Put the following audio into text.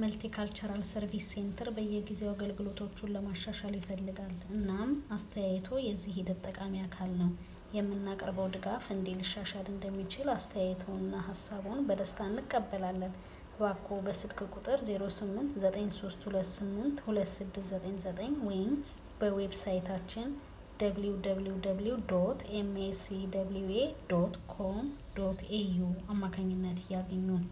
መልቲካልቸራል ሰርቪስ ሴንተር በየጊዜው አገልግሎቶቹን ለማሻሻል ይፈልጋል። እናም አስተያየቶ የዚህ ሂደት ጠቃሚ አካል ነው። የምናቀርበው ድጋፍ እንዴ ሊሻሻል እንደሚችል አስተያየትዎንና ሀሳቡን በደስታ እንቀበላለን። እባክዎ በስልክ ቁጥር 0893282699 ወይም በዌብሳይታችን ኮም ኤዩ አማካኝነት ያግኙን።